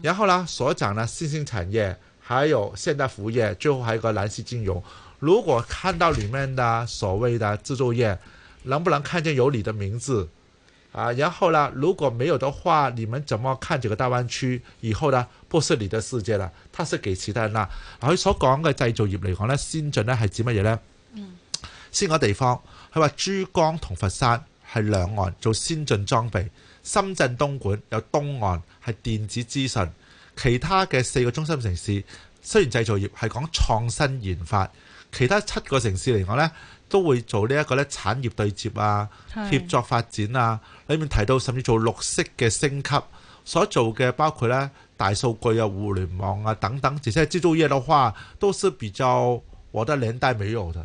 然後咧，所講咧，新興產業，還有現代服務業，最後還有個藍色金融。如果看到裏面的所謂的製造業，能不能看見有你的名字？啊，然後咧，如果沒有的話，你們怎麼看這個大灣區以後呢？不是你的世界了，他是給其他人嗱。嗱，佢所講嘅製造業嚟講咧，先進咧係指乜嘢咧？嗯，先個地方，佢話珠江同佛山係兩岸做先進裝備。深圳、東莞有東岸係電子資訊，其他嘅四個中心城市雖然製造業係講創新研發，其他七個城市嚟講呢都會做呢一個咧產業對接啊、協作發展啊，裏面提到甚至做綠色嘅升級，所做嘅包括咧大數據啊、互聯網啊等等。而且製造業嘅話，都是比較獲得領帶美譽嘅。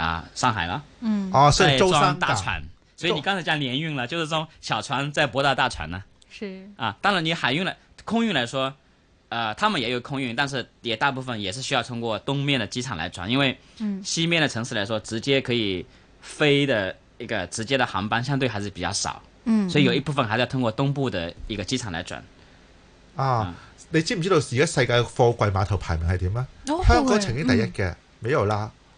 啊，上海啦，嗯，哦，所以裝大船，所以你剛才講聯運了，就是從小船再駁到大船呢。是，啊，當然你海運了，空運來說，呃、啊，他們也有空運，但是也大部分也是需要通過東面的機場來轉，因為嗯，西面的城市來說，直接可以飛的一個直接的航班相對還是比較少，嗯，所以有一部分還是要通過東部的一個機場來轉、嗯，啊，你知唔知道而家世界貨櫃碼頭排名係點啊？香港曾經第一嘅、嗯，沒有啦。